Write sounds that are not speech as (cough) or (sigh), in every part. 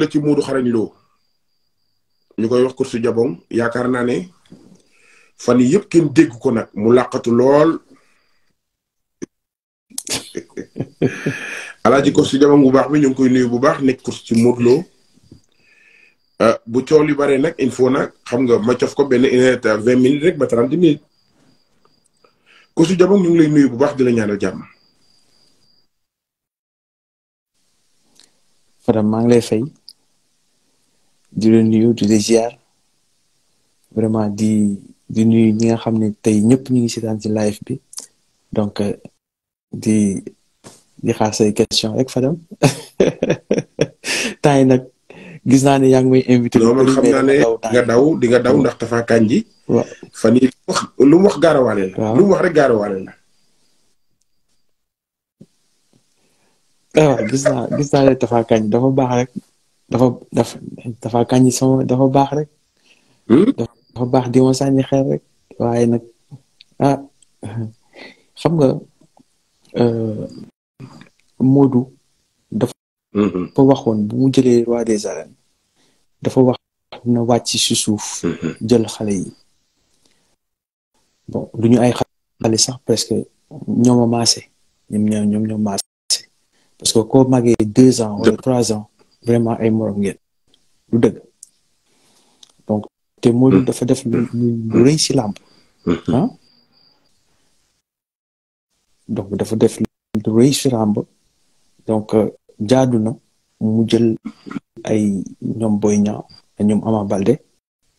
la ci Moodu Xarañ Lo ñu koy wax course jabong yaakaar naa ne fan yii yëpp kenn dégg ko nag mu làqatu lool (laughs) alaaji course jabong bu baax bi ñu koy nuyu bu baax nekk course ci Moodu Lo ah, bu coow li bare nag il faut nag xam nga ma cof ko benn une heure vingt minutes rek ba trente minutes course jabong ñu ngi lay nuyu bu baax di ñaan ñaanal jàmm. Fadam maa ngi lay fay. di la nuyu di la ziar vraiment di di nuyu ñi nga xam ne tey ñëpp ñu ngi seetaan ci live bi donc euh, di di xaar say question rek Fadam (laughs) tay yi nag gis naa ne yaa ngi may invité. loolu xam naa ne nga daw di nga daw mm. ndax Tapha kan waaw fan yii lu mu wax gaarawaale la. lu mu wax rek gaarawaale la. waaw ah, gis naa gis naa ne Tapha Kandji dafa baax rek dafa dafa dafa kañ son dafa rek. Hmm? dafa di rek ah xam nga dafa des bon parce que deux ans ou trois ans. vraiment ay morom ngeen lu dëgg donc te Modou dafa def lu lu rëy si donc dafa def lu rëy si làmb donc euh, jaadu na mu jël ay ñoom Boy Niang ak ñoom Ama Baldé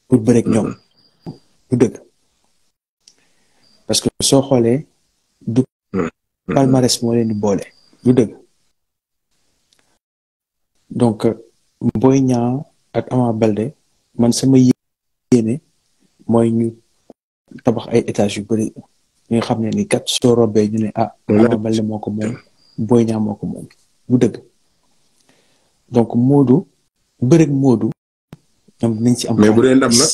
pour bëreeg ñoom hmm. lu dëgg parce que soo xoolee du hmm. Hmm. palmarès moo leen di boole lu dëgg donc euh, Boy Niang ak Ama Baldé man sama yéene mooy ñu tabax ay étages yu bëri ñu nga xam ne ni kat soo robee ñu ne ah. Ama Baldé moo ko moom Boy Niang moo ko moom bu dëgg. donc Modou bërek Modou ñoom dinañ ci am. mais bu dee ndam la.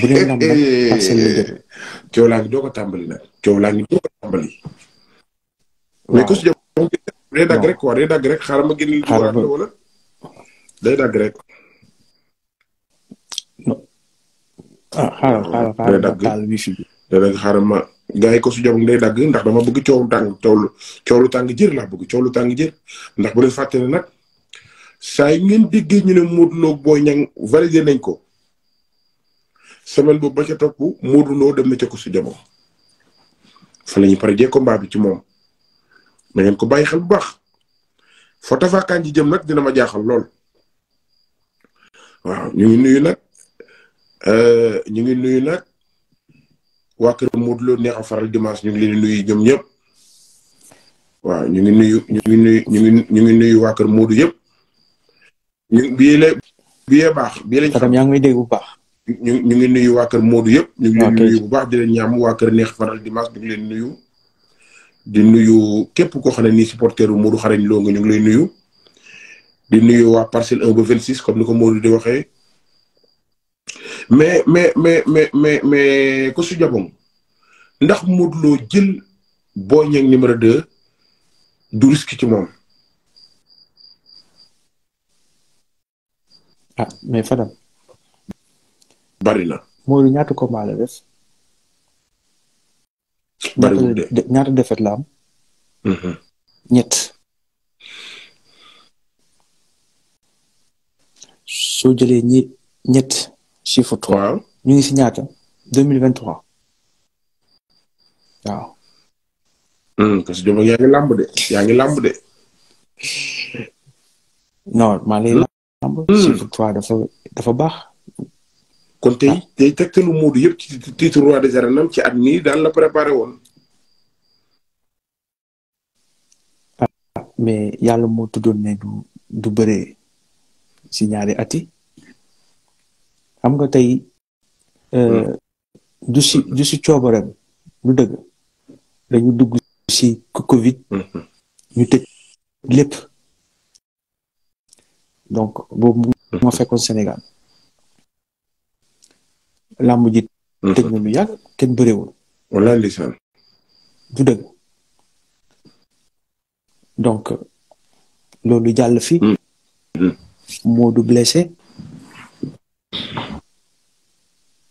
bu dee ndam la parcelle yu dëgg. coow laa ngi doo ko tàmbali nag. coow laa ngi doo ko tàmbali. mais ko si jëm day dagg rek quoi day dagg rek xaaral ma génn. xaaral ma day dagg rek. ah xaaral xaaral xaaral ma taal ma gars ko su jàmm day dagg ndax dama bëgg coow tàng coow lu tàng jër laa bëgg coow lu tàng jër ndax bu leen fàtte ne nag saa yu ngeen déggee ñu ne Modou Lo Boy Niang validé nañ ko semaine boobu ba ca topp Modou Lo dem na ca ko su jàmm fa la ñu pare jee combat bi ci moom. na ko bàyyi xel bu baax foo tafaakaan ji jëm nag dina ma jaaxal lool waaw ñu ngi nuyu nag euh, ñu ngi nuyu nag waa kër Modou Lo neex a faral dimanche ñu ngi leen nuyu jëm ñëpp waaw ñu ngi nuyu ñu ngi nuyu ñu ngi ñu ngi nuyu waa kër yëpp ñu bii la bii baax bii lañ xam yaa ngi may bu baax ñu ñu ngi nuyu waa kër Modou yëpp ñu ngi nuyu bu baax di leen ñaam waa kër neex faral dimanche ñu ngi leen nuyu di nuyu képp koo xam ne nii supporteru Modou Xarañ Lo nga ñu ngi lay nuyu. di nuyu waa parcelle un ba vingt six comme ni ko Modou di waxee. mais mais mais mais mais mais ko su ndax Modou Lo jël Boy Niang numéro deux du risque ci moom. ah mais Fadam. bari na. Modou ñaata combat la def. bëriwul de ñaata defet la mm-hmm. ñett. soo jëlee ñi ñett chiffre trois. ñu ngi si ñaata deux mille vingt trois waaw. Mm, parce que yaa ngi làmb de yaa ngi làmb de. non maa ngi lay hmm. làmb. Hmm. chiffre trois dafa dafa baax. kon tey ah. tey tegtalu Modou yëpp ci titre roi des arènes ci at mii daal la préparé woon. ah mais yàlla moo tuddoon ne du du bëree si ñaari at xam nga tey. Euh, hmm. du si du si coobareem lu dëgg dañu dugg si Covid. Hmm. ñu tëj lépp. donc boobu. ma hmm. fekkoon Sénégal. làmb ji. Mm-hmm. tëj na lu yàgg kenn bëriwul. du dëgg. donc loolu jàll fi. Modou mm-hmm. blessé.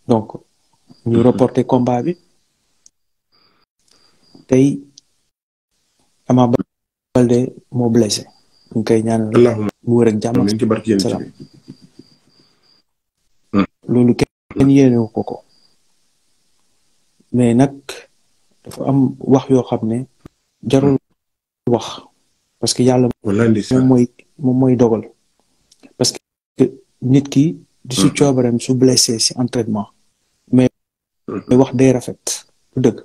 donc ñu mm-hmm. reporté combat bi. tey Ama Baldé moo blessé. ñu ngi koy ñaanal. loolu kenn dañuy yéenewu ko ko mais nag dafa am wax yoo xam ne jarul wax parce que yàlla moom mooy moom mooy dogal parce que nit ki di su coobareem su blessé si entraînement mais wax day rafet du dëgg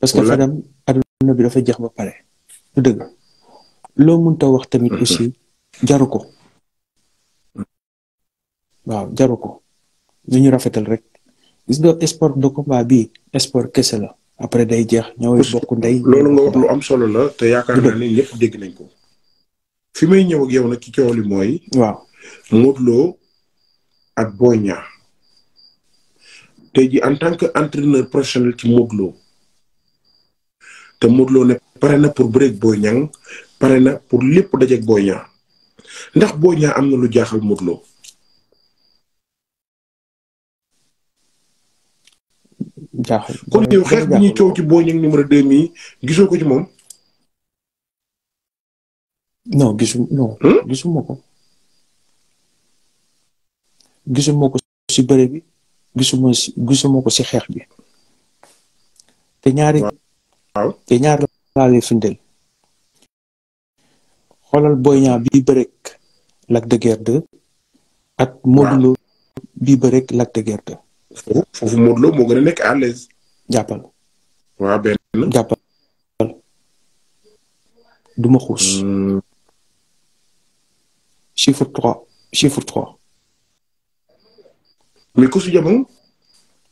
parce que fadam adduna bi dafa jeex ba pare du dëgg loo mënta wax tamit aussi jaru ko waaw jaru ko lu ñu rafetal rek gis nga do ko combat bi sport kese la après day jeex ñoy bokk nday lolu nga wax lu am solo la te yaakaar na ni ñepp dégg nañ ko. fi may ñew ak yow nak ci coow moy waaw modlo ak boña tay ji en tant que entraîneur professionnel ci modlo te modlo ne pare na pour break boñang Niang na pour lepp dajé boña ndax boña amna lu jaxal modlo jaaxal kon yow xeex bi ñuy coow ci Boy Niang numéro 2 mi gisoo ko ci moom. non hmm? gisuma ko. gisuma ko ci bëre gisuma gisuma ko si xeex bi. te ñaari. waaw te ñaar laa lay firndeel. xoolal Boy Niang bii bërek Lac ak Modou Lo bii lak Lac de foofu foofu moo gën a nekk à l'aise. jàppal. waa benn. jàppal du ma xuus. Hmm. chiffre trois chiffre trois. mais ku su jamono.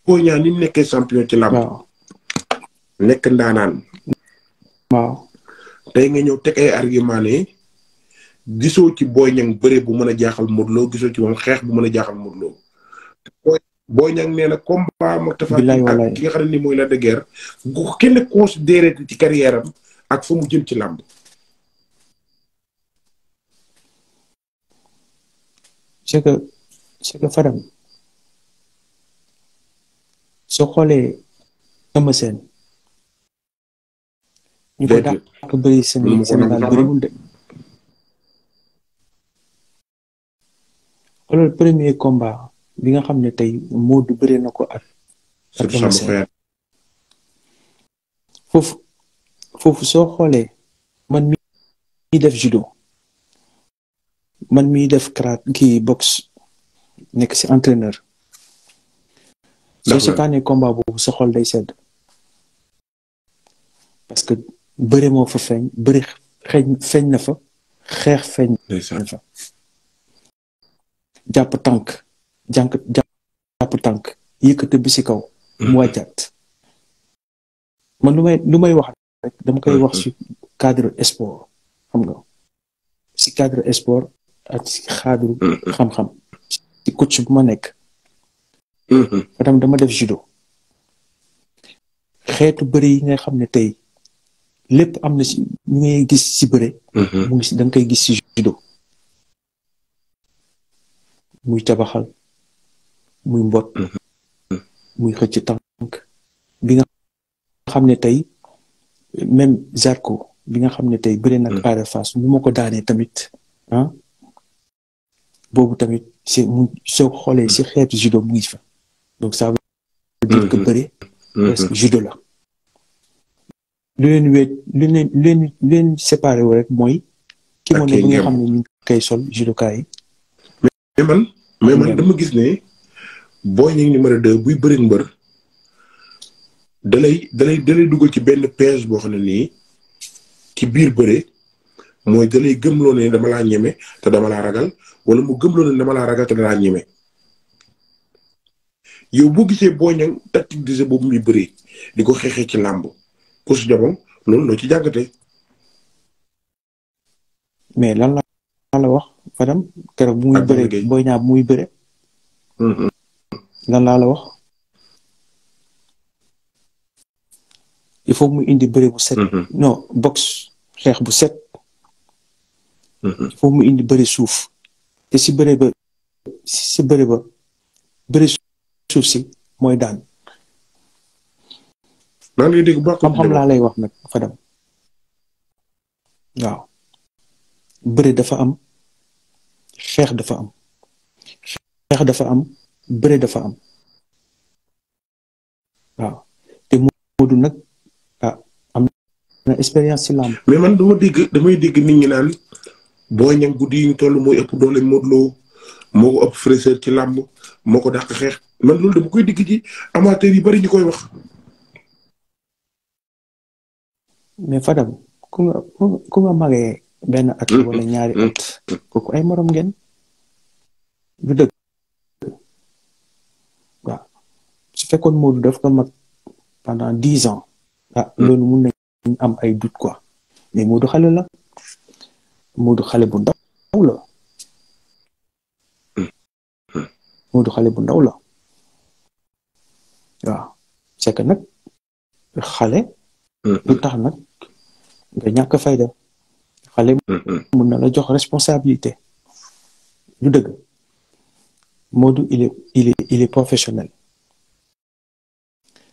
Boy Niang nekkee champion ci làmb. waaw nekk ndaanaan. waaw. tey nga ñëw teg ay argument ne gisoo ci Boy Niang bëre bu mën a jaaxal Modou Lo gisoo ci moom xeex bu mën a jaaxal Modou Boy ñang neena combat mook tafa ak ki nga xam ne ni mooy di de guerre gu kenn considéré ci carrière am ak kole, mu jëm ci lamb c'est que faram so xolé sama sen premier combat bi nga xam ne tey Modou bëre na ko ak. ak foofu foofu soo xoolee man mii def judo man mi def karaté kii box nekk ci entraîneur. soo seetaanee combat boobu sa xol day sedd. parce que bëre moo feeñ bëre xeeñ feeñ na fa xeex feeñ na fa. jàpp tànk. jank jàpp tank yëkkate bi ci kaw mu wàccaat man lu may lu may wax rek dama koy wax ci cadre sport xam nga ci cadre sport ak ci cadre xam-xam ci coach bu ma nekk tam dama def judo xeetu bëri yi nga xam ne tey lépp am na si ñu ngay gis si bëre mu ngi si da nga koy gis ci judo muy tabaxal muy mbot muy xëcc tank bi nga xam ne tey même Zarko bi nga xam ne tey bëri nag Ada Fass nu ma ko daanee tamit ah boobu tamit si mu soo xoolee si xeetu judo mu ngi fa donc ça veut dire que bëri presque judo la lu leen weet lu leen lu leen lu leen séparé wu rek mooy ki moo ne bi nga xam ne ñu koy sol judokaay yi mais man mais man dama gis ne Boy Niang numéro 2 buy bëri mbër dalay dalay dalay dugal ci benn piège boo xam ne nii ci biir bëre mooy dalay gëmloo ne dama laa ñeme te dama laa ragal wala mu gëmloo ne dama laa ragal te dama laa ñeme. boo gisee Boy Niang tactique de jeu boobu muy bëree di ko xeexee ci làmb pour su jabon loolu loo ci jàngatee. mais lan la wax Fadam keroog bu muy bëree Boy Niang muy bëree. Mm-hmm. lan laa la wax il faut mu indi bëre bu set. Mm-hmm. non box xeex bu set. Mm-hmm. il faut mu indi bëre suuf te si bëre ba si bëre ba bëre suuf si mooy daan. maa ngi dégg xam-xam laa lay wax nag Fadam waaw bëre dafa am xeex dafa am xeex dafa am. bëre dafa am waaw te Modou nag ah am na expérience ci làmb mais man dama dégg damay dégg nit ñi naan Boy Niang guddi yi ñu toll mooy ëpp doole Modou ci làmb moo ko dàq xeex man loolu dama koy dégg ci amateur yi bari ñu koy wax. mais Fadam ku nga ku nga magee benn at mm, wala mm, ñaari mm, at kooku ay morom ngeen du dëgg comme Modou daf pendant dix ans ah hmm. loolu mun nañ am ay doute quoi mais Modou xale la Modou xale bu ndaw la hmm. Hmm. Modou xale bu ndaw la c'est que nag xale tax nag nga ñàkk fayda xale la jox responsabilité Modou il est il est il est professionnel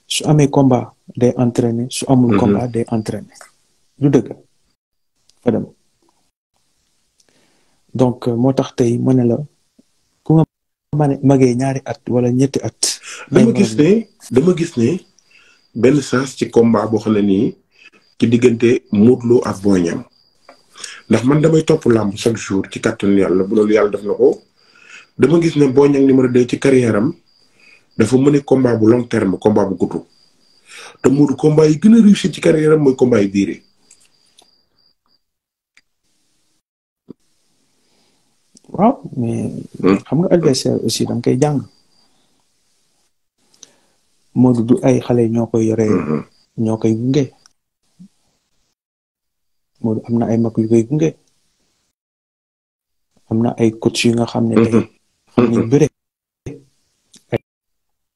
su amé combat day entraîner su amul mhm. combat day entraîner du dëgg Fadam donc euh, motax tay mané la ku nga mané magé ñaari at wala ñetti at dama gis né dama gis né benn sens ci combat bo xam ni ci digënté Modou ak boñam ndax man damay top lamb chaque jour ci carton yalla bu lolou yalla def nako dama gis né boñam Niang numéro 2 ci carrière am dafa mëne combat bu long terme combat bu gudd te Modou combat yi gën a réussir ci carrière am mooy combat yi diire. waaw mais. Hmm? xam nga adversaire aussi da nga koy jàng. Modou du ay xale ñoo koy yore. Hmm. ñoo koy gunge. Modou am na ay mag yu koy gunge. am na ay coach yu nga xam ne. Hmm. tey xam nañ bëre.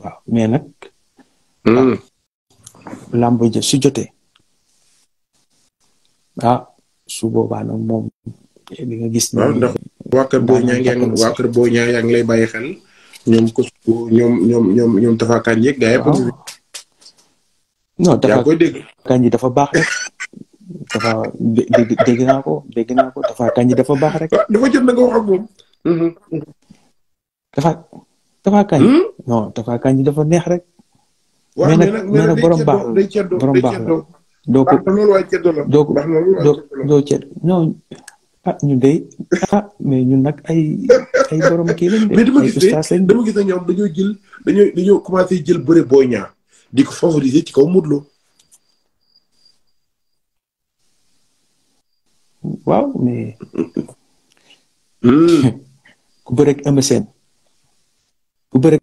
waaw mais nag. Hmm. Ah, làmb ja su jotee ah su boobaa nag moom di nga gis. waaw ndax boo ñaa ngeen waa boo ñaa yaa lay bàyyi xel ñoom ko ñoom ñoom ñoom ñoom dafa kañ yeeg gars yi. Ah. non dafa kañ yi dafa baax rek. dafa dégg naa ko dégg naa ko dafa kañ yi dafa baax rek. dafa jot na nga wax ak non Tapha Kandji dafa neex rek. mais nag mais nag borom baax la borom baax la doo ko doo ko doo cedd non ah ñu dey ah mais ñun nag ay ay borom kii lañ de. (laughs) ay ustaas lañ dama gis ne ñoom dañoo jël dañoo dañoo commencé jël bëre Boy Niang di ko favoriser ci kaw Modou Lo. waaw (laughs)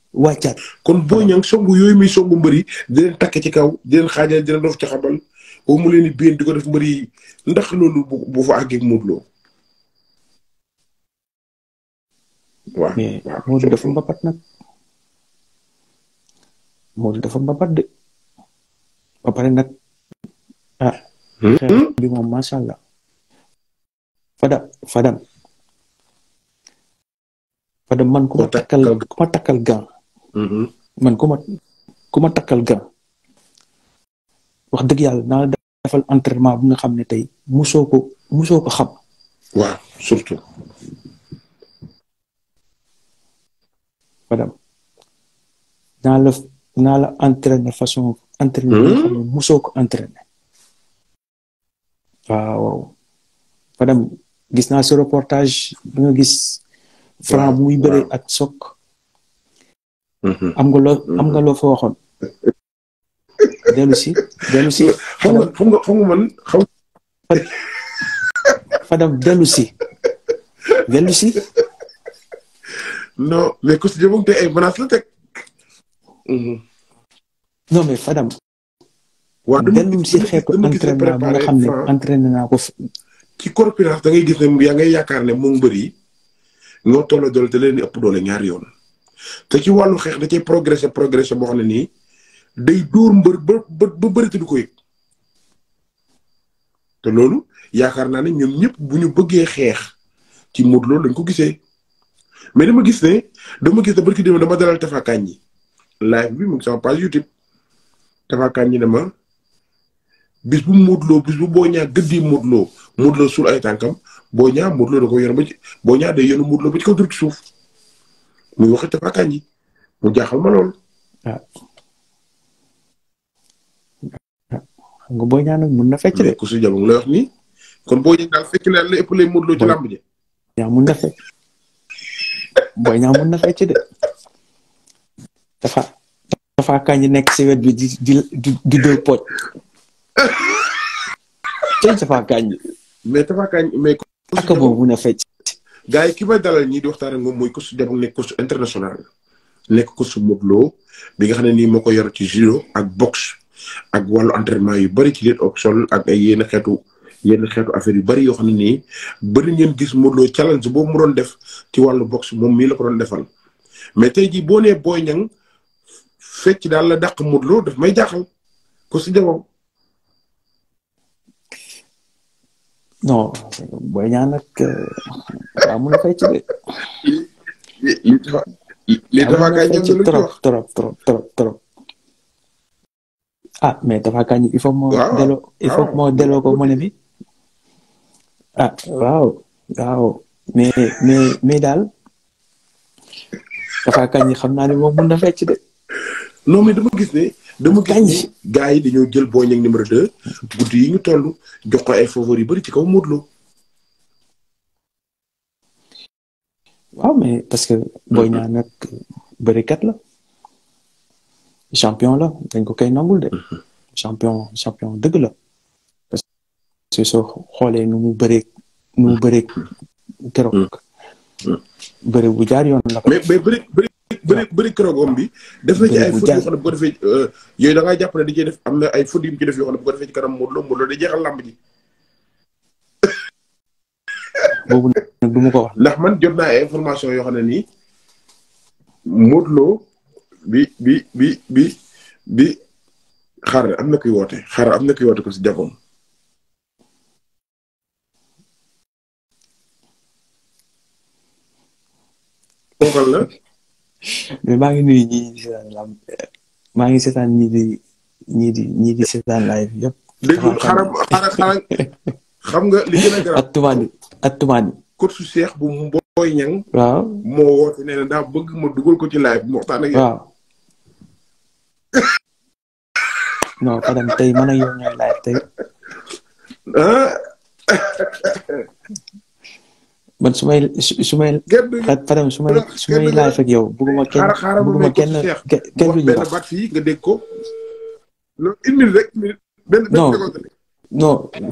Wajar. kon bo ñang songu yoy mi songu mbeuri di len takki ci kaw di len xajal di len dof ci xabal boo mu len biin diko def mbeuri ndax lolu bu fa agge Modou Lo. waaw mais Modou dafa mbapat mo Modou dafa mbapat de ba pare ah. Hmm? xeex bi moom macha allah. fada fada man ku takal takal gang Mm-hmm. man ku ma ku ma takkal gan wax dëgg yàlla naa la defal entraînement bu nga xam ne tey musoo ko musoo ko xam. waaw surtout. madame naa la naa la entraîner façon. entraîner bu nga xam ne mm-hmm. musoo ko entraîner. waaw gis naa ce reportage bi nga gis. Franc muy bëre ak Sokh. Mm-hmm. am nga loo mm-hmm. am nga loo fa waxoon. dellu si dellu si. Fadam fu nga fu nga Fadam dellu si dellu si. non mais ku si jëmoon tey ay menaces la teg. Mm-hmm. non mais Fadam. waaw dellum si xeetu entraînement bi nga xam ne entraîné naa ko. ci corpulence da ngay gis ne yaa ngay yaakaar ne moom mbër yi ñoo toll doole te leen di ëpp doole ñaari yoon. te ci wàllu xeex da cay progressé progressé boo xam ne nii day dóor mbër ba ba ba bëri te du ko yëg te loolu yaakaar naa ne ñoom ñëpp bu ñu bëggee xeex ci Modou Lo lañ ko gisee mais dama gis ne dama gis ne barki dem dama dalal Tapha Kandji live bi mu ngi sama page YouTube Tapha Kandji ne ma bis bu Modou Lo bis bu boo Niang gëddee Modou Lo Modou suul ay tànkam boo Niang Modou Lo da ko yor ba ci Boy Niang day yenu Modou Lo ba ci kaw tur ci suuf muy wax Tapha yi mu jaaxal ma lool. Ah. Ah, nga Boy ñaan nag mun na fecc de. ku su jabu la wax ni kon Boy ñaan dal fecc leen la ëpp lay Modou ci lamb ji. ya mun na fecc Boy ñaan mun na fecc de. dafa dafa Tapha Kandji nekk ci wet bi di di di di dóor (laughs) dafa tey Tapha Kandji. mais Tapha Kandji mais. ak bo mu na fecc. gars yi ki may dalal ñi di waxtaan ak moom mooy coach dem nekk coach international nekk coach Modou Lo bi nga xam ne nii moo ko yor ci judo ak boxe ak wàllu entraînement yu bëri ci leet option ak ay yenn xeetu yenn xeetu affaire yu bëri yoo xam ne nii bëri ngeen gis Modou Lo challenge boobu mu doon def ci wàllu boxe moom mii la ko doon defal jii boo nee Boy Niang fecc daal la dàq Modou def may jaaxal ko si non booy ñaan nag mun na fay de. trop trop trop trop trop. ah mais dafa kañ il faut moo. delloo il faut moo delloo ko monnaie bi. ah waaw. waaw mais mais mais daal dafa kañ xam naa ne mun na fecc de. non mais dama gis ne. dama gis ni gars yi ñoo jël Boy Niang numéro 2 guddi yi ñu toll jox ko ay favori yu bëri ci kaw Modou waaw mais parce que Boy mm-hmm. Niang nag bërikat la champion la dañ ko koy nangul de. Mm-hmm. champion champion dëgg la. parce soo xoolee nu mu bëree nu mu bëree mm-hmm. keroog. bëri bu la ko. mais bëri bëri krogom bi def na ci ay foot yoo xam ne bu ko defee euh, yooyu da ngay jàpp ne da cee def am na ay foot yu ci def yoo bu ko ci Lo Lo ji (laughs) ko wax ndax man jot naa ay information yo xam nii bi bi bi bi bi xaar amna na kuy woote xaar am na kuy ko la mais maa ngi nuyu ñii di seetaan ngi seetaan ñii di ñii di ñii live yëpp. dégg xaram (laughs) nga li gën a garaaw. ak tubaab bu Mboy Ñang waaw moo woote nee na bëgg ma dugal ko live bi ma waxtaan ak waaw. (laughs) tey man ak live tey. Ah. (laughs) man su may su may. Fadam su may su may laaj ak yow bëgguma kenn bëgguma kenn kenn duñu nga dégg ko. une minute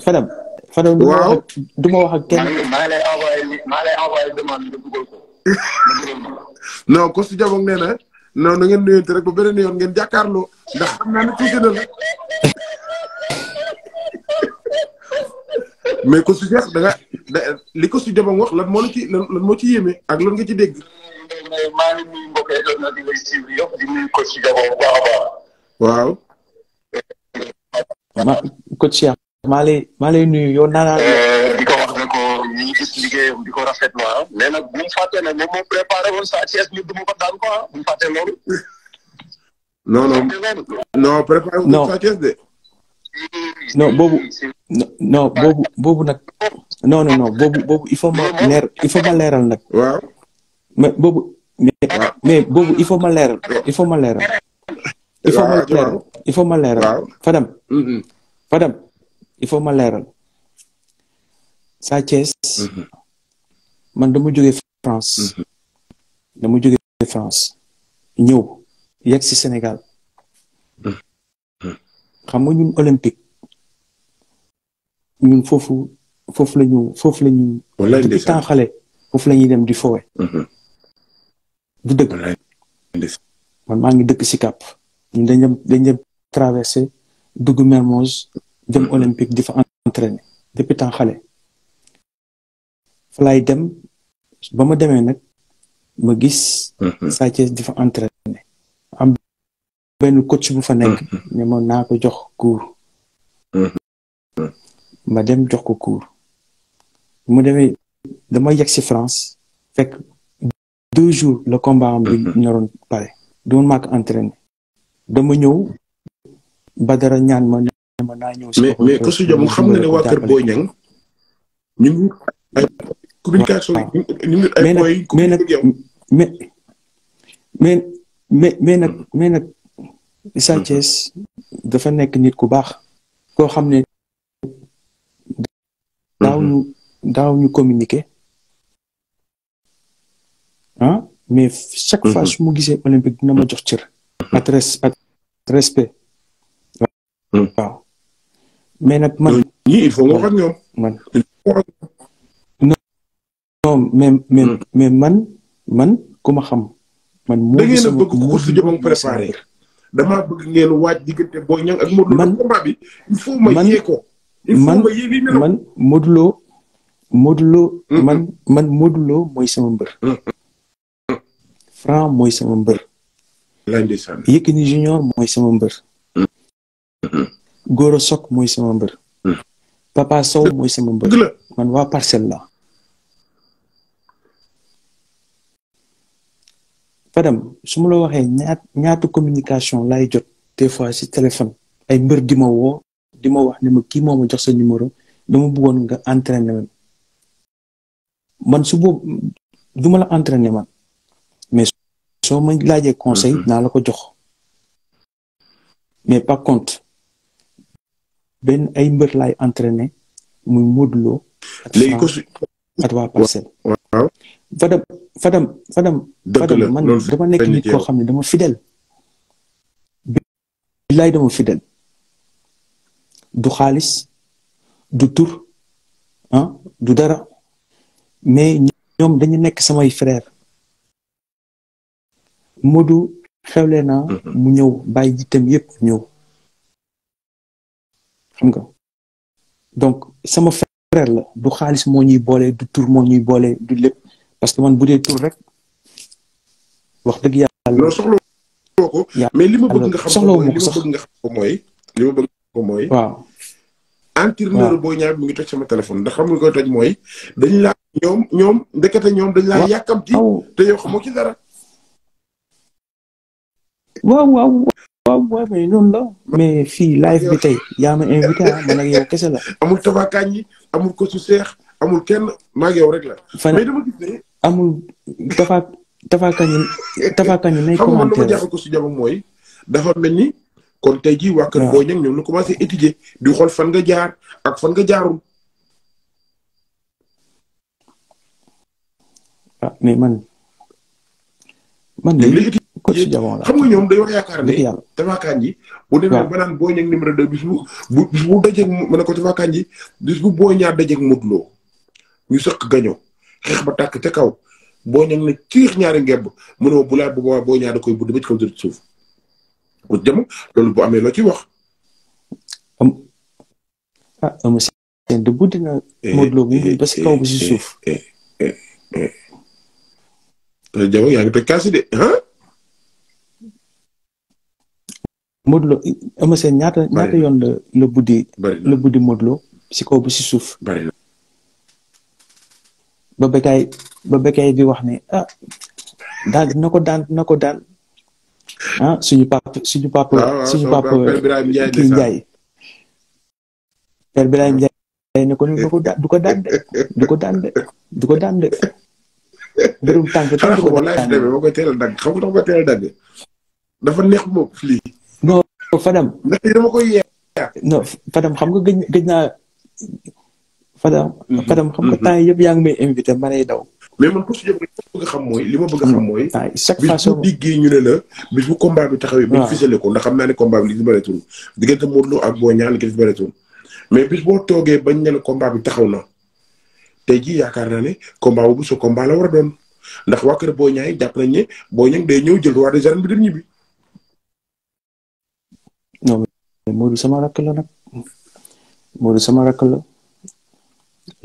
Fadam. Fadam du ma wax ak du ma wax ak kenn. maa ngi lay envoyé ko. (laughs) non Kostou Diabong nee na non rek ba beneen yoon ngeen jàkkaarloo ndax xam naa ne tuuti na mais ko su da li ko su jabam wax lan moo la ci lan moo ci yéeme ak lan nga ci dégg. maa ngi nuyu mbokk na di lay suivre yëpp ko su jabam bu baax maa lay maa lay nuyu yow naa euh, di ko wax ne ko ñu ngi gis liggéeyam di ko rafetlu ah. nag bu mu fàtte ne moom moo préparé woon ko daan ko ah bu mu fàtte de. non boobu non boobu nag non non non boobu il faut ma leer il faut ma leeral nag. mais boobu. il faut ma leeral il faut ma leeral. il faut ma leeral il faut ma Fadam. Mm-hmm. Fadam il faut ma leeral. Sa Thiès. Mm-hmm. man dama jógee France. Mm-hmm. dama jógee France. ñëw yegg Sénégal. xam nga ñun olympique ñun foofu foofu la ñu foofu la ñu. walaay depuis temps xale foofu la ñuy dem di fowe. Mhm. du dëgg. man maa ngi dëkk si Cap. ñun dañ dem dañ dem traversé dugg Mermoz dem mhm. olympique di fa entraîner depuis temps xale. fa laay dem ba ma demee nag ma gis. Mhm. Sa Thiès di fa entraîner. benn coach bu fa nekk. Mm-hmm. ne ma naa jox cours. Mm-hmm. Mm-hmm. ma dem jox ko cours. mu demee dama yegg si France fekk deux jours le combat am bi ñoroon pare doon maa ko entraîné dama ñëw Badara ñaan ma ne ma naa ñëw. si mais mais Kossou Dia xam nga Issa mhm. Thiès dafa nekk nit ku baax koo xam ne daaw mhm. ñu daaw ñu communiquer ah, mais chaque mhm. fois su mu gisee olympique dina ma jox cër ak respect waaw nag man il faut nga wax ak ñoom man man man xam man moo gis sama bëgg course damaa bëgg ngeen waaj diggante Boy man combat bi ma ma mm-hmm. man man Modou Lo. Modou man man Modou mooy sama mbër. Mm-hmm. Franc mooy sama mbër. laaj de sànni Junior mooy sama mbër. Mm-hmm. Goro Sok mooy sama mbër. Papa Sow mooy sama mbër. man waa parcelle la. Fadam su ma la waxee ñaat ñaatu communication laay jot des fois si téléphone ay mbër di ma woo di ma wax ne ma kii moo ma jox sa numéro dama buggoon nga entraîner man man su boobu du la entraîner mais soo ma laajee conseil mm-hmm. naa la ko jox mais par contre benn ay mbër lay entraîner muy Modou Lo léegi à madame, Fadam Fadam Fadam. Fadam dama nek nit madame, xamni dama fidèle. madame, dama fidèle. du madame, du tour, ah du dara mais ñom dañu samay frère modu, xewle madame, mu ñew madame, jitam yépp ñew. xam nga donc sama. culturel la du xaalis moo ñuy boole du tur moo ñuy boole du lépp parce que man bu dee tur rek wax dëgg yàlla. soxla soxlawoo ko mais li ma bëgg nga xam ko li ma bëgg nga xam ko mooy. li ma bëgg waaw. entraîneur boo ñaar mi ngi toj sama téléphone ndax xam nga koy toj mooy dañ laa ñoom ñoom ndekete ñoom dañ laa yàkkamti te yow xamoo ci dara. waaw waaw. waaw waaw mais noonu la. mais fii live bi tey yaa a invité ah man ak yow kese la. amul tabakañ yi amul ko su seex amul kenn maa ngi yow rek la. mais dama amul tafa tafakañu tafakañu nay. commentaire ko su jamono mooy dafa mel ni. kon tey jii waa kër Boy Niang ñoom ñu commencé étudier di xool fan nga jaar ak fan nga jaarul. ah mais man man. xam nga ñoom dañoo yaakaar ne Tapha Kandji bu demee ba naan Boy Niang numéro 2 bis bu bu bis bu dajeeg ba tàkk ca kaw Boy Niang ne ciix ñaari ngebb ma bu laa bu boobaa da koy budd ba ci kaw dër suuf ku dem loolu bu amee loo ci wax ah Eumeu Sène de buddi na eh, Modou Lo eh, ba si kaw ba si eh, suuf Diabon yaa ngi toj kaasi de Modou Lo Eumeu Sène yoon la la buddi si kaw ba si suuf ba békaay ba békaay di wax ne ah daal dina ko daan dina ko daan ah suñu pap suñu pap ah, suñu pap kii Njaay Père Birahim ah. Njaay ne ko ne ko du ko daan de du ko de du ko de mbirum tànk xanaa ko teel a dafa neex moom lii non Fadam. dama koy yee. non xam nga gëj gëj naa Fadam. Mhm. Fadam xam nga mhm. temps yii yëpp yaa ngi may invité ma lay daw. mais man Coach Diop li ma bëgg a xam mooy li a xam mhm. mooy. chaque façon bis bu ñu ne la bis bu combat bi taxaw waaw bu ficelé ko ndax xam naa ne combat bi li ci bëreetul diggante Modou Lo ak Boy Niang li mais bis boo toogee bañ ne la combat bi taxaw na te jii yaakaar naa ne combat boobu sa combat la war a doon ndax waa kër Boy Niang yi jàpp nañ ne Boy Niang day ñëw jël roi des arènes bi dem ñibbi Modou sama rakk la nag Modou sama rakk la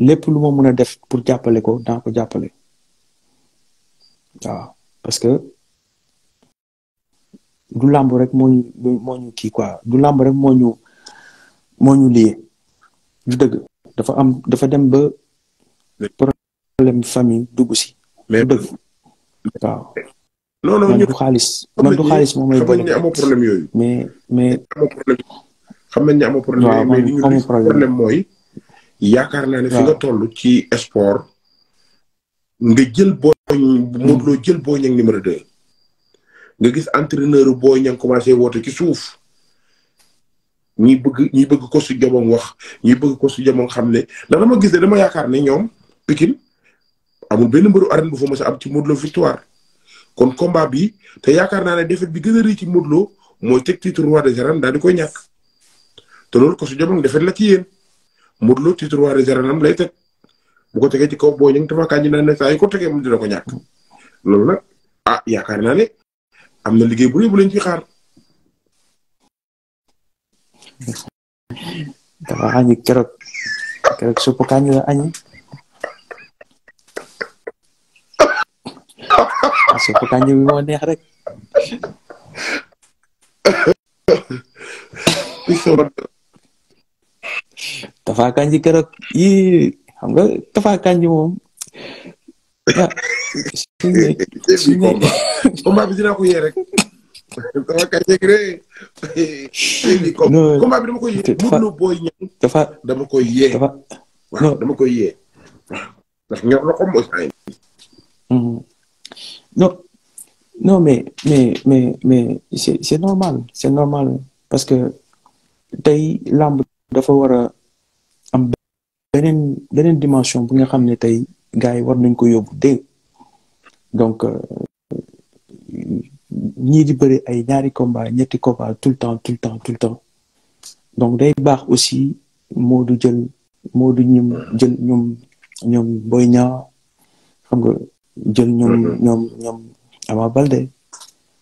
lépp lu ma mën a def pour jàppale ko daa ko jàppale waaw parce que du làmb rek moo kii quoi du làmb rek moo ñu moo ñu liyee du dëgg dafa am dafa dem ba problème famille dugg si. du dëgg waaw non non du xaalis man du xaalis moom may boole. amoo problème yooyu. mais mais. amoo xam nañ ne amoo problème. waaw mais li ñu problème mooy. yaakaar naa ne fi nga toll ci sport. nga jël boo. Modou Lo hmm. jël Boy Niang numéro 2. nga gis entraîneur bo Niang commencé woote ci suuf. ñi bëgg ñi bëgg ko su jamono wax ñi bëgg ko su jamono xam ne ndax dama gis ne dama yaakaar ne ñoom Pikine amul benn mbëru arène bu fa a am ci Modou Lo victoire. kon combat bi te yaakaar naa ne défaite bi gën a rëy ci Modou Lo mooy teg titre roi des arènes daal di koy ñàkk te loolu ko su jomong defet la ci yéen Modou Lo titre roi des arènes am lay teg bu ko tege ci kaw boo ñëng tafa Kandji naa ne saa yu ko tege mu dina ko ñàkk loolu nag ah yaakaar naa ne am na liggéey bu rëy bu leen ci xaar. dafa ni keroog keroog supp kañ la añi Asupukan yung mga rek. Tafakan ji kerok. Ih, hamga tafakan ji mom. Ya. Sini. Sini. Omba bizina ku yere. Ya, tafakan ji kre. Sini ko. Komba bi dama ko yere. Ya? Mulu boy ñam. Tafa dama ko yé. Tafa. Dama ko yé. Ndax ko mo Non, non mais, mais, mais, mais c'est normal. C'est normal. Parce que tey làmb dafa war a am beneen une dimension bu nga xam t'as tey gars yi war nañ ko yóbbu dégg donc euh, ñii di bëri ay ñaari combat ñetti combat tout le temps tout le temps tout le temps donc day baax aussi Modou jël Modou ñum jël ñoom ñoom Boy Niang xam nga jël ñoom mhm. ñoom ñoom Ama Baldé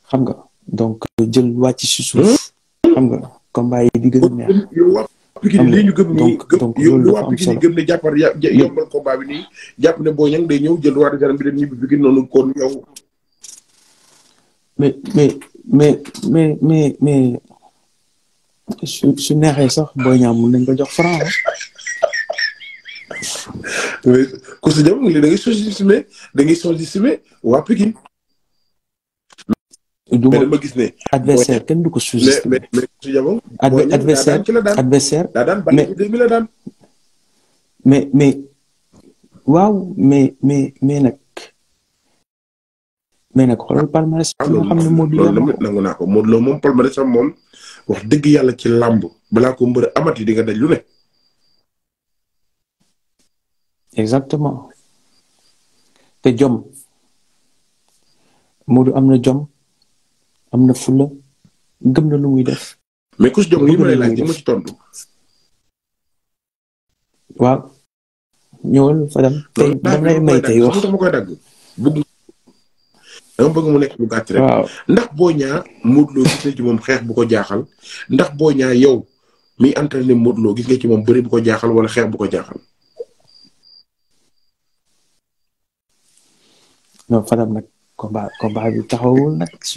xam nga donc jël wàcc si suuf mhm. xam nga combat yi di gën a neex Pikine lii donc loolu dafa am solo gëm ne jàppar yombal combat bi ne Boy Niang day ñëw jël roi des arènes bi dem ñibbi Pikine noonu kon yow mais mais mais mais mais mais su su neexee sax Boy ñamu mun nañ ko jox franc (laughs) Kousi Diop li da ngay sous-estimé da ngay sous-estimé waa Pikine. du gis ne. adversaire kenn du ko sous-estimé. adversaire adversaire daa daan bàyyi bi deux mille la daan. mais mais waaw mais mais mais ah, xam ne Modou moom nangu naa ko moom palmarès am moom wax dëgg yàlla ci làmb balaa ko mbër amati di nga daj lu ne. exactement te jom Modou am na jom am na fula gëm na lu muy def. mais ku si jom li ma lay laaj li ma ci tontu. waaw ñëwal Fadam. tey wax dama koy dagg bëgg dama bëgg mu nekk lu gàtt rek. ndax Boy Niang Modou Lo gis moom xeex bu ko jaaxal ndax Boy Niang yow miy entraîné Modou Lo gis nga ci moom bëri bu ko jaaxal wala xeex bu ko jaaxal. non Fadam combat combat bi taxawul mais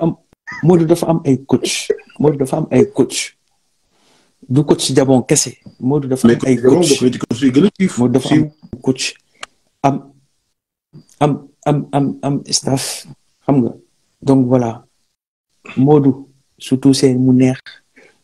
am coach Modou dafa am ay coach du coach Jabon kessé Modou dafa am ay coach Modou am coach am am am am staff xam donc voilà Modou surtout c'est mu neex.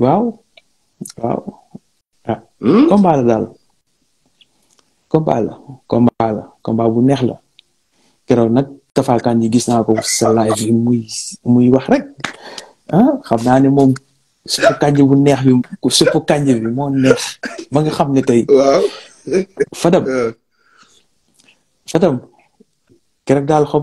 waaw waaw ah. Hmm? combat la daal combat la combat la bu neex la keroog nag tafaakaan yi gis naa ko sa live yi muy muy wax rek ah, xam naa ne moom suppu kànji bu neex bi suppu kànji bi moo neex ba nga xam ne tey. waaw Fadam (laughs) Fadam keroog daal xam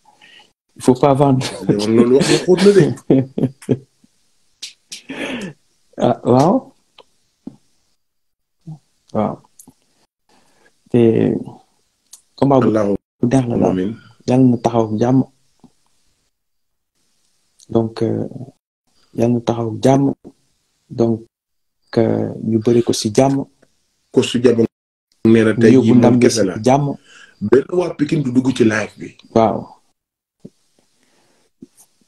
Il faut pas vendre. (laughs) ah, waaw waaw te combat bu neex la daal yàlla na taxaw jàmm donc euh, yàlla na taxaw jàmm donc euh, ñu bëri ko si jàmm ko su jàmm neera tey yi moom kese la jàmm benn waa Pikine du dugg ci live bi waaw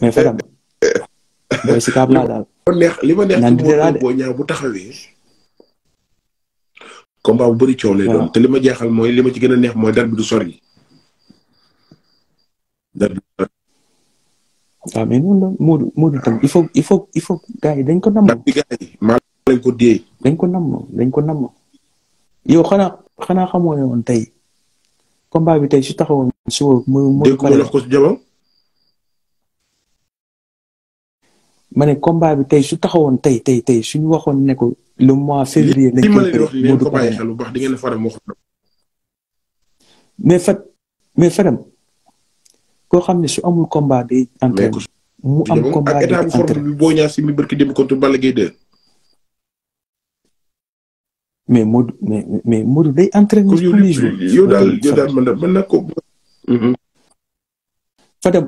mais Fadam. mooy si Kaab laa daal. li ma neex li ma neex Boy Niang bu taxawee. combat bu bëri coow lay doon te li ma jeexal mooy li ma ci gën a neex mooy dar bi du sori. dar bi du sori. waaw ah, mais noonu la Modou Modou tam il faut il faut il faut gars dañ ko namm. gars yi maa lañ ko dee. dañ ko namm dañ ko namm. yow xanaa xanaa xamoo ne woon combat bi tey su taxawoon suba. mu mu ko jox ko si jamono. ma ne combat bi tey su taxawoon tey tey tey suñu waxoon ne ko le mois février. lañ koy bàyyi xel bu baax di ngeen faram wax. mais fa mais faram koo xam ne su amul combat day. entraîné mu am combat day entraîné boo ñaar si mi barki dem contre Balla Gaye 2. mais Modou mais mais Modou day entraîné. tous les jours yow daal yow daal mën mm-hmm. Fadam.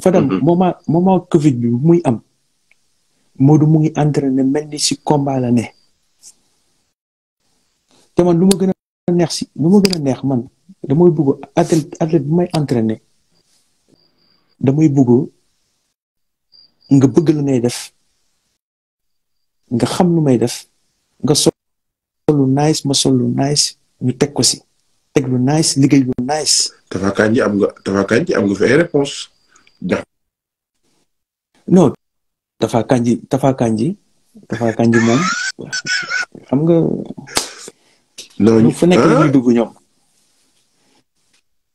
Fadam mm-hmm. Covid bi muy am. Modou mu ngi entraîné mel ni si combat la ne te man lu ma gën a neex si lu ma gën a neex man damay bëgg athlète athlète bi may entraîné damay bëgg nga bëgg lu ngay def nga xam lu may def nga sol lu nice ma sol lu nice ñu teg ko si teg lu nice liggéey lu nice. Tapha am nga Tapha Kandji am nga fi ay réponse Tafa Kanji Tafa Kanji Tafa Kanji moom xam nga. loolu fu nekk dañuy ah. dugg ñoom.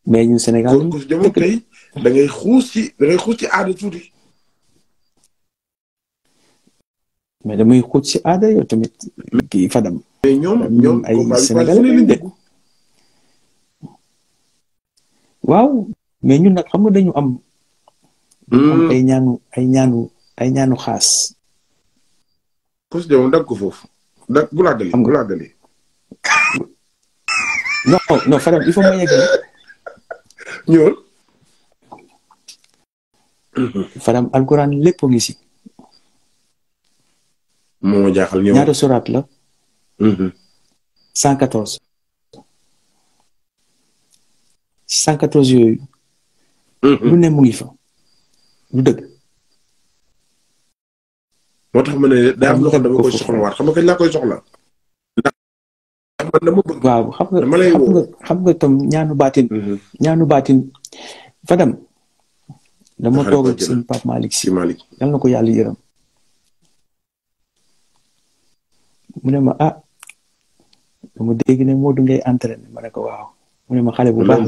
mais ñun Sénégal jamono tey da ngay xuus ci da ngay xuus ci aada tuuti. damay xuus ci aada tamit. kii Fadam. mais ñoom ñoom ay Sénégalais waaw mais ñun xam nga dañu am. am ay hmm. ay ñaanu. ay ñaanu xaas. pousse de moom dagg ko foofu. da bu laagali bu laagali. (laughs) non non Fadam il faut ma yegg. (laughs) ñëwal. (laughs) Fadam alquran lépp ngi si. moo jaaxal ñëw ñaata suraat la. 114. Mhm. 114 yooyu. Mhm. lu ne mu fa. lu dëgg. moo tax ma ne daa am koy soxla waat xam nga kañ laa koy ñaanu baatin. Mm-hmm. ñaanu baatin Fadam. dama toog ak sëñ Pape Malick si Malick yal na ko yàlla yërëm. mu ne ma ah dama dégg ne Modou ngay entraîné ma ne ko waaw mu ne ma xale bu baax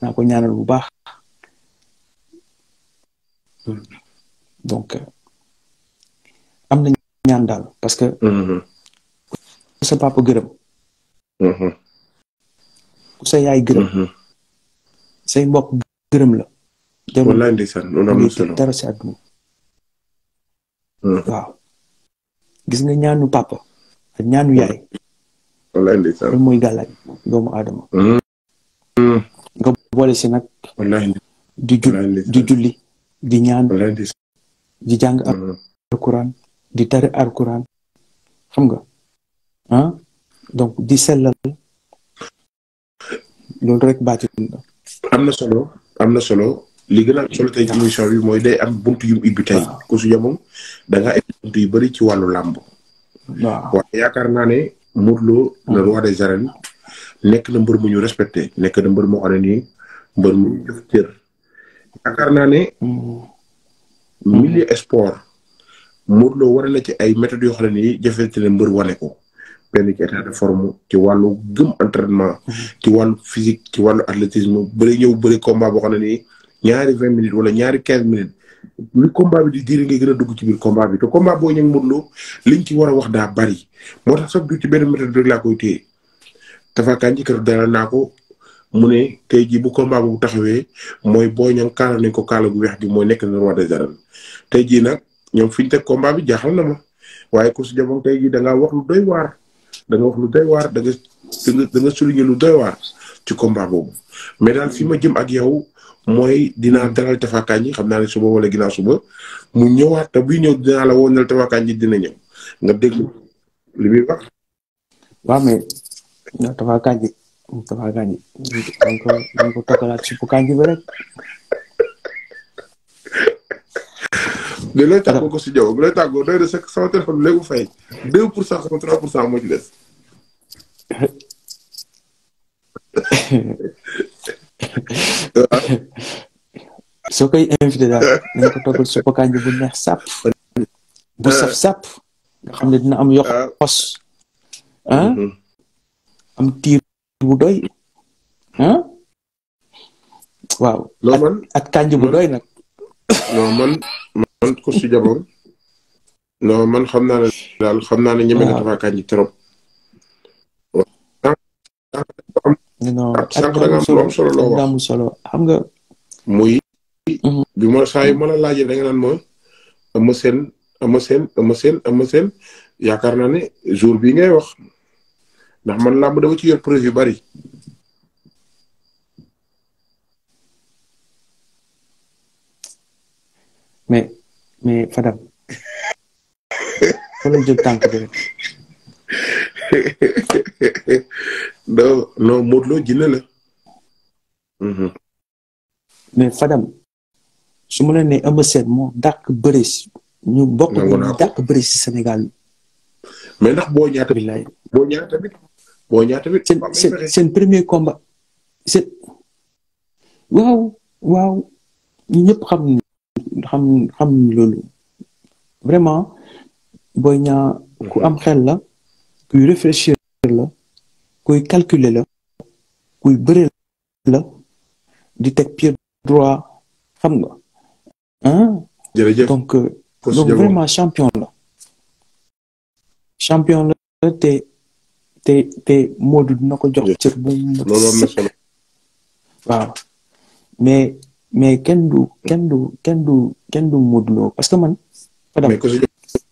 naa ko ñaanal bu baax mm. donc. am nañ ñaan daal parce que. Mm-hmm. ku sa papa gërëm. Mm-hmm. ku sa yaay gërëm. Mm-hmm. say mbokk gërëm la. wallaay ndeysaan dara si waaw gis nga ñaanu papa ak ñaanu yaay. wallaay ndeysaan loolu mooy gàllaaj doomu aadama. nga boole si nag. di julli di ñaan di jàng alquran di tari alquran xam nga hein ah? donc di selal lool rek baatin la solo amna solo li gëna solo tay ci mission bi moy day am buntu yu ibbi tay ku su yamum da nga ay buntu yu bari ci walu lamb wa yaakar na ne Modou Lo le hmm. roi des arènes nek na mbeur mu ñu respecté nek na mbeur moo xone ni mbeur mu jëf jox yaakar na ne hmm. milieu sport Modou Lo wane na ci ay méthodes yoo xam ne nii jafete ne mbër wane ko benn ci état de ci wàllu gëm entraînement ci wàllu physique ci wàllu athlétisme bëri ñëw bëri combat boo xam ne nii ñaari vingt minutes wala ñaari quinze minutes li combat bi di diir nga gën a dugg ci biir combat bi te combat boo ñëw Modou Lo liñ ci war a wax daa bari moo tax sax du ci benn méthode rek laa koy téye tafakaan ci kër dalal naa ko mu ne tey jii bu combat boobu taxawee mooy boo ñëw kaala nañ ko kaala gu weex gi mooy nekk na roi des arènes tey jii ñoom fi ñu teg combat bi jaaxal na ma waaye ko su jamono tey jii da wax lu doy waar danga nga wax lu doy waar da nga da nga lu doy waar ci combat boobu. mais daal fi ma jëm ak yow mooy dinaa dalal tafakaañ yi xam naa ne suba wala ginnaaw suba mu ñëwaat te buy ñëw dinaa la woonal tafakaañ yi dina ñëw nga déglu li muy wax. waaw mais tafakaañ yi tafakaañ yi dañ ko dañ ko toggalaat suppu kànji bi rek. de (laughs) koy invité daal nañ ko toggal suppu kànja bu neex sàpp. Euh. xam ne dina am yokk euh. xos. Mm-hmm. am tiir bu doy. waaw. ak ak kànja bu doy nag. non man man ko su man xam naa ne daal xam naa ne ñeme na ah. Tapha Kandji trop. sànq da nga am lu am solo loo solo xam nga. muy. Mhm. bi ma saa yu ma la laajee da nga naan ma ama seen ama seen ama seen ama yaakaar naa ne jour bii ngay wax ndax man làmb dama ci yor preuve yu bari. mais mais Fadam fa la jóg tànk bi rek. non mm-hmm. non Modou Lo jinne la. mais Fadam suma ma la nee Eumeu Sène moo dàq bëri ñu bokk ñu dàq bëri si Sénégal. mais ndax boo ñaata. bilaay boo ñaata tamit. boo seen seen premier combat seen waaw waaw ñëpp xam xam xam loolu vraiment Boy Niang ku am xel la kuy réfléchir la kuy calculer la kuy bëre la di teg pied droit xam nga hein? donc euh, donc vraiment champion la champion la te te te Modou dina ko jox cër bu waaw mais mais kenn du kenn du kenn du kenn du Modou parce que man. Fadam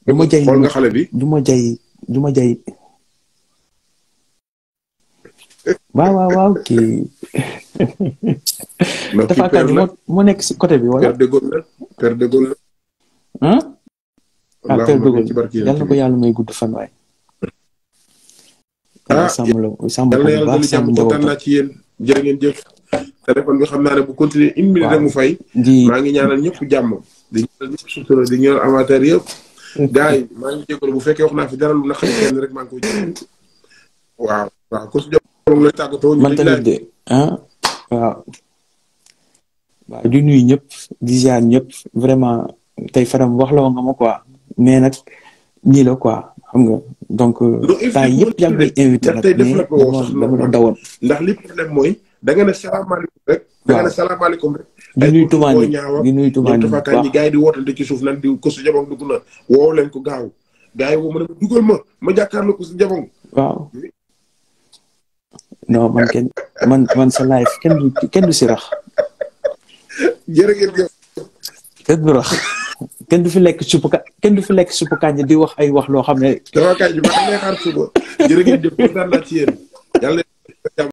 du ma jay xale bi du ma jay du ma jay. waaw waaw waaw (laughs) kii. moo nekk si côté bi wala. Père de Gaulle la Père de yal ah, na ko yàlla may gudd fan waay. ah yàlla na yàlla dolli jàmm téléphone bi xam naa ne bu continuer une minute rek mu fay. maa ngi ñaanal ñëpp jàmm. di ñaanal di ñaanal amateur yëpp. gars yi maa bu fekkee wax naa fi dara lu naqari kenn rek maa ngi koy jégalu. waaw tàggatoo. man tamit de ah waaw. di nuyu ñëpp di ziar ñëpp vraiment tey faram wax la woon nga ma quoi mais nag nii la quoi xam nga donc. temps yëpp yaa ngi koy invité nag mais dama dama dawoon. ndax li problème da nga ne salaamaaleykum rek. da salaamaaleykum rek. ñu nuyu tubaab ñi ñu nuyu tubaab ñi bu baax ñi gars yi di suuf nan di ko su jabong dugg na woow leen ko gaaw gars yi woo ma ma dugal ma ma jàkkaarloo ko su jabong. waaw non kenn man man sa live kenn du kenn du si rax. jërëjëf. kenn du rax kenn du fi lekk supp ka kenn du fi lekk supp kànja di wax ay wax loo xam ne. dama kañ bi maa ngi lay xaar suba jërëjëf kontaan naa